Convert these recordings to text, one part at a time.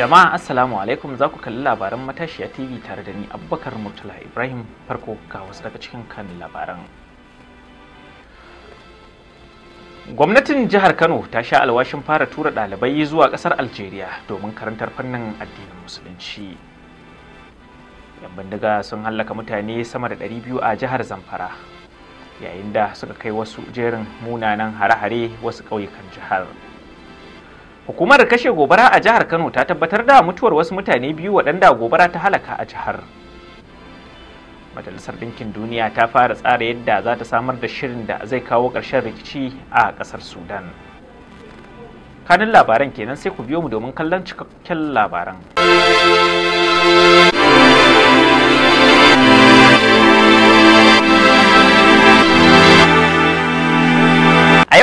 Jama'a Assalamu alaikum za ku kalli labaran matashiya TV tare da ni Abubakar Murtala Ibrahim farko ga wasu daga cikin kan labaran. Gwamnatin jihar Kano ta sha alwashin fara tura ɗalibai zuwa ƙasar Algeria domin karantar fannin addinin Musulunci. Yan bindiga sun hallaka mutane sama da 200 a jihar Zamfara yayin da suka kai wasu jerin munanan hare-hare wasu ƙauyukan jihar. Hukumar kashe gobara a jihar Kano ta tabbatar da mutuwar wasu mutane biyu waɗanda gobara ta halaka a jihar. Majalisar Ɗinkin Duniya ta fara tsara yadda za ta samar da shirin da zai kawo ƙarshen rikici a ƙasar Sudan. Kanin labaran kenan sai ku biyo mu domin kallon cikakken labaran.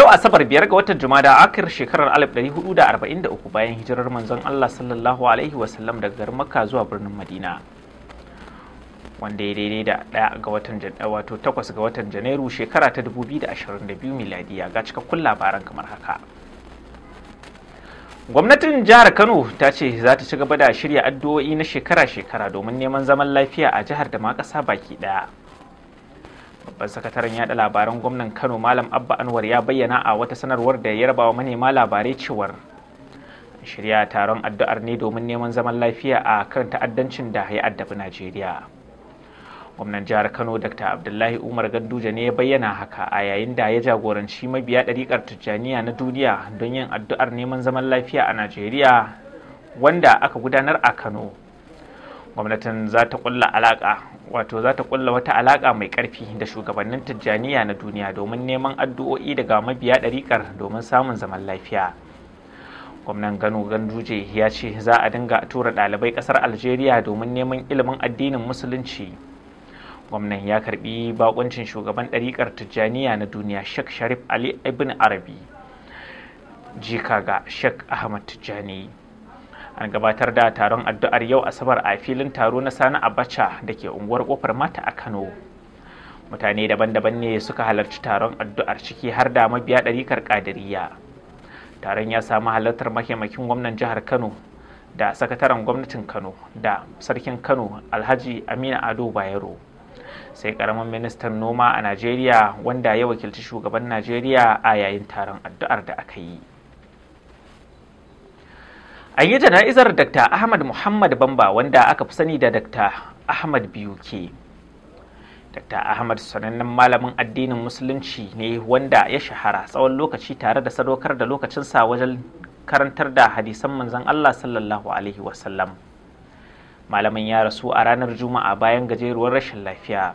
yau asabar biyar ga watan jumada akir shekarar 1443 bayan hijirar manzon Allah sallallahu alaihi wasallam daga garin Makka zuwa birnin Madina wanda ya daidai da ɗaya ga watan eh, wato takwas ga watan Janairu shekara ta 2022 miladiya ga cikakkun labaran kamar haka Gwamnatin jihar Kano ta ce za ta ci gaba da shirya addu'o'i na shekara-shekara domin neman zaman lafiya a jihar da ma ƙasa baki ɗaya. babban sakataren yada labaran gwamnan kano malam abba anwar ya bayyana a wata sanarwar da ya wa manema labarai cewar shirya taron addu'ar ne domin neman zaman lafiya a kan ta'addancin da ya addabi najeriya gwamnan jihar kano dr abdullahi umar ganduje ne ya bayyana haka a yayin da ya jagoranci mabiya ɗariƙar tijjaniya na duniya don yin addu'ar neman zaman lafiya a najeriya wanda aka gudanar a kano gwamnatin za ta kulla alaƙa wato za ta kulla wata alaƙa mai karfi da shugabannin tijjaniya na duniya domin neman addu'o'i daga mabiya ɗariƙar domin samun zaman lafiya gwamnan gano ganduje ya ce za a dinga tura ɗalibai ƙasar algeria domin neman ilimin addinin musulunci gwamnan ya karbi bakuncin shugaban ɗariƙar tijjaniya na duniya sheikh sharif ali ibn arabi jika ga shek ahmad tijjani an gabatar da taron addu'ar yau asabar a filin taro na sani abacha da ke unguwar kofar mata a kano mutane daban-daban ne suka halarci taron addu'ar ciki har da mabiya ɗarikar ƙadiriya taron ya samu halartar mahimakin gwamnan jihar kano da sakataren gwamnatin kano da sarkin kano alhaji amina ado bayero sai karamin ministan noma a najeriya wanda ya wakilci shugaban najeriya a yayin taron addu'ar da aka yi an yi jana'izar dr ahmad muhammad bamba wanda aka fi sani da dr ahmad ke, dr ahmad sanannen malamin addinin musulunci ne wanda ya shahara tsawon lokaci tare da sadaukar da lokacinsa wajen karantar da hadisan manzon allah sallallahu alaihi wasallam malamin ya rasu a ranar juma'a bayan gajeruwar rashin lafiya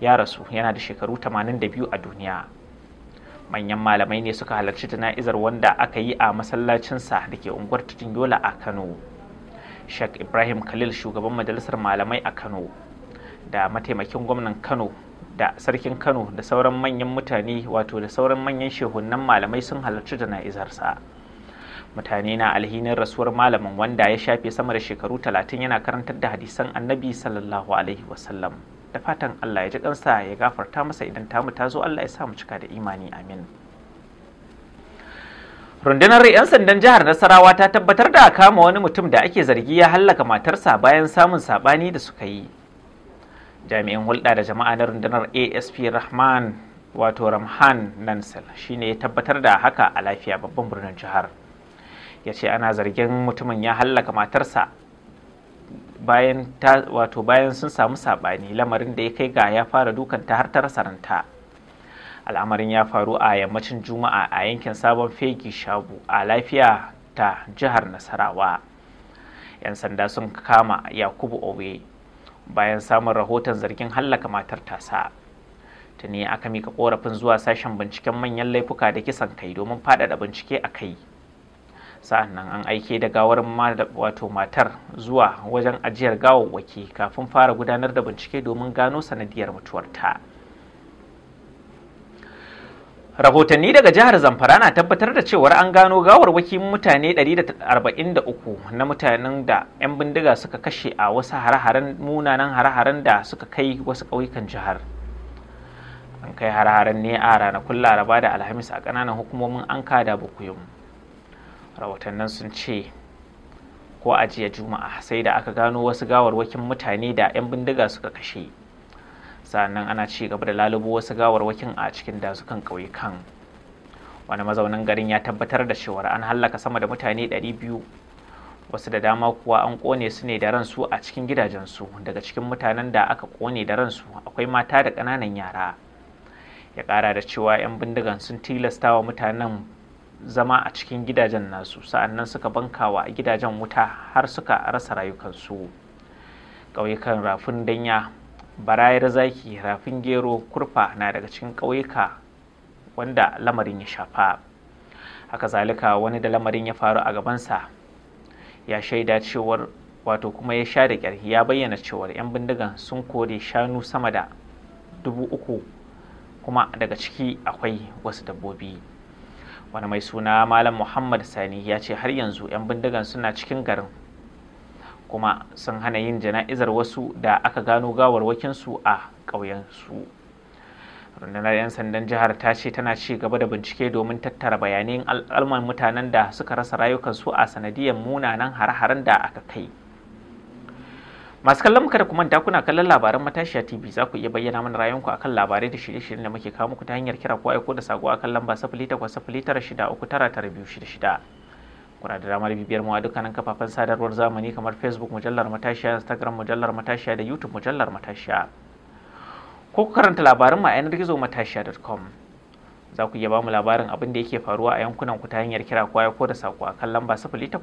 ya rasu yana da shekaru 82 a duniya manyan malamai ne suka halarci jana'izar wanda aka yi a masallacinsa da ke unguwar yola a kano sheikh ibrahim khalil shugaban majalisar malamai a kano da mataimakin gwamnan kano da sarkin kano da sauran manyan mutane wato da sauran manyan shehunan malamai sun halarci jana'izarsa mutane na alhinin rasuwar malamin wanda ya shafe sama da shekaru talatin yana karantar da hadisan annabi sallallahu alaihi wasallam da fatan Allah ya ji kansa ya gafarta masa idan ta mu ta zo Allah ya sa mu cika da imani amin rundunar 'yan sandan jihar nasarawa ta tabbatar da kama wani mutum da ake zargi ya hallaka matarsa bayan samun sabani da suka yi jami'in hulɗa da jama'a na rundunar asp rahman wato ramhan nansel shine ya tabbatar da haka a lafiya babban birnin jihar ya ce ana zargin mutumin ya hallaka matarsa bayan ta wato bayan sun samu saɓani lamarin da ya kai ga ya fara dukanta har ta rasa ranta al'amarin ya faru a yammacin juma'a a yankin sabon fegi shabu a lafiya ta jihar nasarawa 'yan sanda sun kama yakubu owe bayan samun rahoton zargin hallaka matar tasa tuni aka mika korafin zuwa sashen binciken manyan laifuka da kisan kai domin faɗaɗa bincike a kai sa'an an aike da gawar wato matar zuwa wajen ajiyar gawawwaki kafin fara gudanar da bincike domin gano sanadiyar mutuwarta rahotanni daga jihar zamfara na tabbatar da cewar an gano gawarwaki mutane 143 na mutanen da 'yan bindiga suka kashe a wasu hare-haren munanan hare-haren da suka kai wasu ƙauyukan jihar an kai hare-haren ne a ranakun laraba da alhamis a ƙananan hukumomin an kada bukuyum rahotannin sun ce ko a jiya juma'a sai da aka gano wasu gawarwakin mutane da 'yan bindiga suka kashe sannan ana ci gaba da lalubo wasu gawarwakin a cikin dazukan kan. wani mazaunin garin ya tabbatar da cewar an hallaka sama da mutane 200 wasu da dama kuwa an kone su ne da ransu a cikin gidajensu daga cikin mutanen da aka kone da ransu akwai mata da ƙananan yara ya ƙara da cewa 'yan bindigan sun tilasta wa mutanen zama a cikin gidajen nasu nan suka banka wa gidajen wuta har suka rasa rayukansu ƙauyukan rafin danya barayar zaki rafin gero kurfa na daga cikin ƙauyuka wanda lamarin ya shafa haka zalika wani da lamarin ya faru a gabansa ya shaida cewar wato kuma ya sha da ƙyar ya bayyana cewar 'yan bindigan sun kore shanu sama da dubu uku kuma daga ciki akwai wasu dabbobi wani mai suna malam muhammad sani ya ce har yanzu 'yan bindigan suna cikin garin kuma sun hana yin jana'izar wasu da aka gano gawarwakinsu a ƙauyensu rundunar 'yan sandan jihar ta ce tana ci gaba da bincike domin tattara bayanin al'alman mutanen da suka rasa rayukansu a sanadiyar munanan hare-haren da aka kai masu kallon muka da ku manta kuna kallon labaran matashiya tv za ku iya bayyana mana rayuwanku akan labarai da shirye-shiryen da muke kawo muku ta hanyar kira ko aiko da sako akan lamba sifili uku taratara shida shida kuna da damar bibiyar mu a dukkanin kafafen sadarwar zamani kamar facebook mujallar matashiya instagram mujallar matashiya da youtube mujallar matashiya ko ku karanta labarin mu a yanar gizo matashiya.com za ku iya ba mu labarin abin da yake faruwa a yankunan ku ta hanyar kira ko ko da sako a kan lamba 0806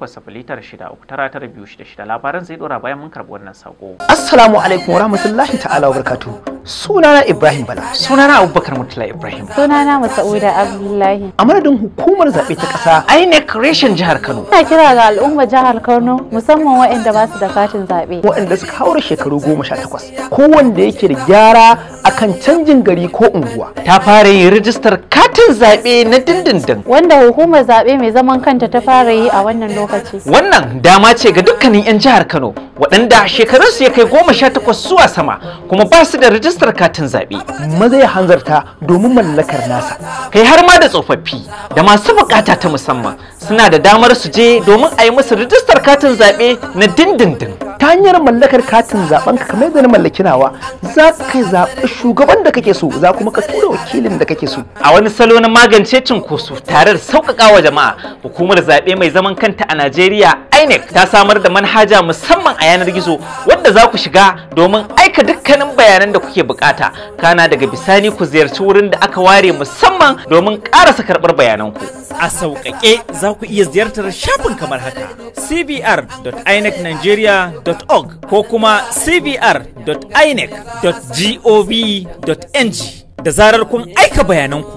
Labarin zai dora bayan mun karbi wannan sako. Assalamu alaikum wa rahmatullahi ta'ala wa barakatuh. Sunana Ibrahim Bala. Sunana Abubakar Mutula Ibrahim. Sunana Masauda Abdullahi. A madadin hukumar zaɓe ta ƙasa INEC reshen jihar Kano. Ina kira ga al'ummar jihar Kano musamman waɗanda ba su da katin zaɓe. Waɗanda suka haura shekaru goma sha takwas. Kowanne yake da gyara akan canjin gari ko unguwa ta fara yin rijistar katin zaɓe na dindindin wanda hukumar zaɓe mai zaman kanta ta fara yi a wannan lokaci wannan dama ce ga dukkanin 'yan jihar kano waɗanda shekarunsu ya kai goma sha takwas zuwa sama kuma ba su da rijistar katin zaɓe maza ya hanzarta domin mallakar nasa kai har ma da tsofaffi da masu bukata ta musamman suna da damar su je domin a yi musu rijistar katin zaɓe na dindindin ta hanyar mallakar katin zaben ka kamar yadda na mallaki nawa za ka zaɓi shugaban da kake so za kuma ka tura wakilin da kake so a wani salo na magance cinkoso tare da sauƙaƙa wa jama'a hukumar zaɓe mai zaman kanta a Najeriya INEC ta samar da manhaja musamman a yanar gizo wadda za ku shiga domin aika dukkanin bayanan da kuke bukata kana daga bisani ku ziyarci wurin da aka ware musamman domin ƙarasa karɓar ku a sauƙaƙe za ku iya ziyartar shafin kamar haka cbr.inecnigeria.com cbr.org ko kuma cbr.inec.gov.ng da zarar kun aika bayananku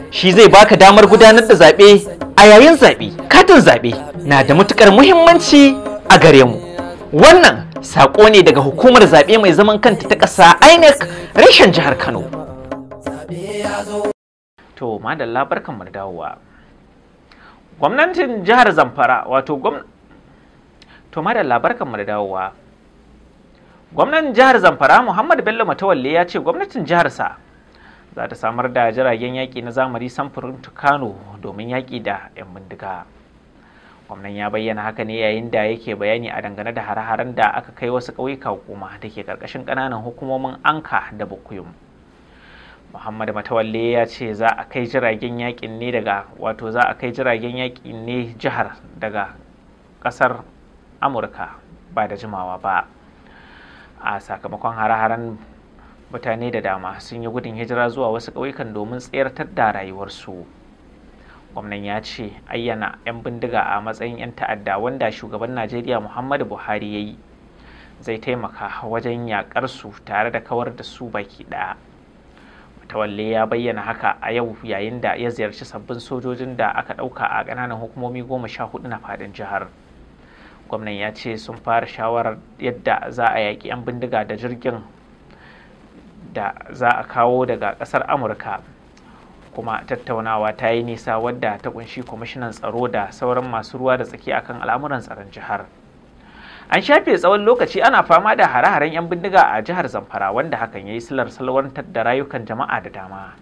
shi zai baka damar gudanar da zaɓe a yayin zaɓe katin zaɓe na da matukar muhimmanci a gare mu wannan saƙo ne daga hukumar zaɓe mai zaman kanta ta ƙasa inec reshen jihar kano to madalla barkan mu dawowa gwamnatin jihar zamfara wato to madalla barkan mu dawowa gwamnan jihar zamfara muhammad bello matawalle ya ce gwamnatin jiharsa za ta samar da jiragen yaƙi na zamani samfurin tukano domin yaƙi da 'yan bindiga gwamnan ya bayyana haka ne yayin da yake bayani a dangane da hare-haren da aka kai wasu ƙauyuka kuma da ke ƙarƙashin ƙananan hukumomin anka da bukuyum muhammad matawalle ya ce za a kai jiragen yaƙin ne daga wato za a kai jiragen yaƙin ne jihar daga ƙasar amurka ba da jimawa ba a sakamakon hare-haren mutane da dama sun yi gudun hijira zuwa wasu ƙauyukan domin tsayartar da rayuwarsu gwamnan ya ce ayyana 'yan bindiga a matsayin 'yan ta'adda wanda shugaban najeriya muhammadu buhari ya yi zai taimaka wajen yaƙar su tare da kawar da su baki ɗaya matawalle ya bayyana haka a yau yayin da ya ziyarci sabbin sojojin da aka ɗauka a ƙananan hukumomi goma sha hudu na faɗin jihar gwamnan ya ce sun fara shawarar yadda za a yaƙi 'yan bindiga da jirgin da za a kawo daga ƙasar amurka kuma tattaunawa ta yi nisa wadda ta kunshi kwamishinan tsaro da sauran masu ruwa da tsaki akan al'amuran tsaron jihar an shafe tsawon lokaci ana fama da hare-haren 'yan bindiga a jihar zamfara wanda hakan ya yi silar salwantar da rayukan jama'a da dama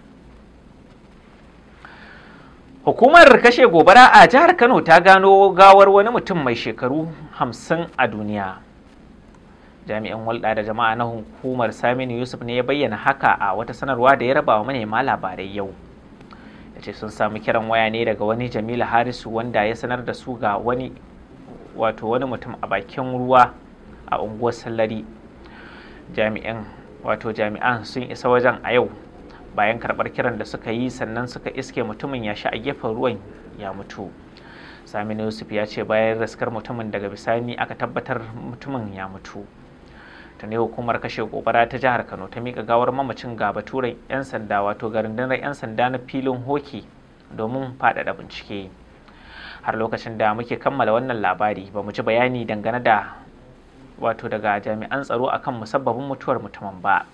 hukumar kashe gobara a jihar kano ta gano gawar wani mutum mai shekaru hamsin a duniya jami'in hulɗa da jama'a na hukumar saminu yusuf ne ya bayyana haka a wata sanarwa da ya raba wa manema labarai yau ya ce sun samu kiran waya ne daga wani jamilu harisu wanda ya sanar da su ga wani wato wani mutum a bakin ruwa a unguwar sallari jami'in wato jami'an sun isa wajen a yau bayan karɓar kiran da suka yi sannan suka iske mutumin ya sha a gefen ruwan ya mutu saminu yusuf ya ce bayan raskar mutumin daga bisani aka tabbatar mutumin ya mutu ne hukumar kashe gobara ta jihar kano ta mika gawar mamacin ga baturen 'yan sanda wato garin 'yan sanda na filin hoki domin faɗaɗa bincike har lokacin da muke kammala wannan labari ba mu ji bayani dangane da wato daga jami'an tsaro akan musabbabin mutuwar mutumin ba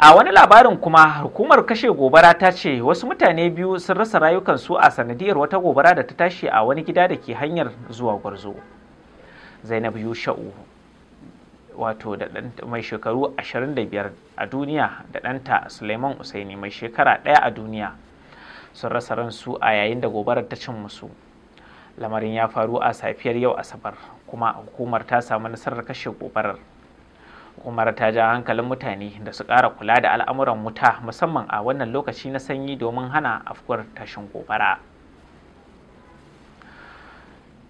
a wani labarin kuma hukumar kashe gobara ta ce wasu mutane biyu sun rasa rayukansu a sanadiyar wata gobara da ta tashi a wani gida da ke hanyar zuwa gwarzo zainab yusha'u wato da mai shekaru 25 a duniya da ɗanta suleiman usaini mai shekara ɗaya a duniya sun rasa ransu a yayin da gobarar ta cin musu lamarin ya faru a safiyar yau asabar kuma hukumar ta samu nasarar kashe gobarar hukumar ta ja hankalin mutane da su ƙara kula da al'amuran wuta musamman a wannan lokaci na sanyi domin hana afkuwar tashin gobara.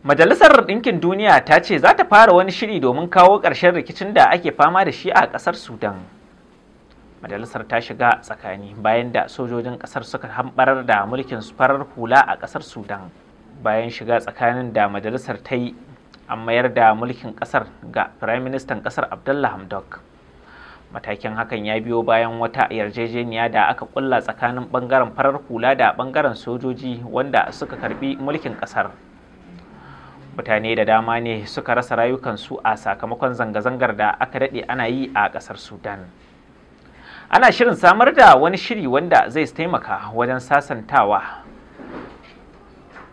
Majalisar Ɗinkin Duniya ta ce za ta fara wani shiri domin kawo ƙarshen rikicin da ake fama da shi a ƙasar Sudan. Majalisar ta shiga tsakani bayan da sojojin ƙasar suka hambarar da mulkin farar hula a ƙasar Sudan. Bayan shiga tsakanin da majalisar ta yi an mayar da mulkin ƙasar ga Firaministan ƙasar Abdullah Hamdok. Matakin hakan ya biyo bayan wata yarjejeniya da aka ƙulla tsakanin ɓangaren farar hula da ɓangaren sojoji wanda suka karbi mulkin ƙasar. mutane da dama ne suka rasa rayukansu a sakamakon zanga-zangar da aka daɗe ana yi a ƙasar sudan ana shirin samar da wani shiri wanda zai taimaka wajen sasantawa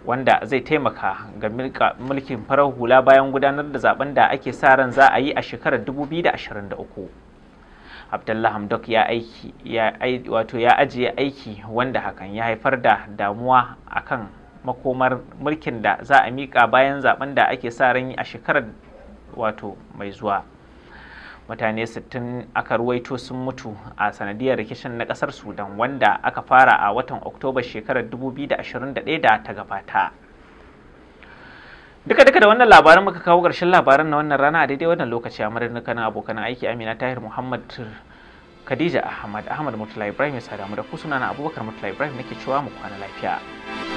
wanda zai taimaka ga mulkin farar hula bayan gudanar da zaben da ake sa ran za a yi a shekarar 2023 abdullahi hamdok ya aiki wato ya ajiye aiki wanda hakan ya haifar da damuwa akan makomar mulkin da za a miƙa bayan zaben da ake sa ran a shekarar wato mai zuwa mutane 60 aka ruwaito sun mutu a sanadiyar rikicin na kasar sudan wanda aka fara a watan oktoba shekarar 2021 da ta gabata duka duka da wannan labarin muka kawo ƙarshen labaran na wannan rana a daidai wannan lokaci a madadin abokan aiki amina tahir muhammad khadija ahmad ahmad murtala ibrahim ya sadamu da ku sunana abubakar murtala ibrahim nake cewa mu kwana lafiya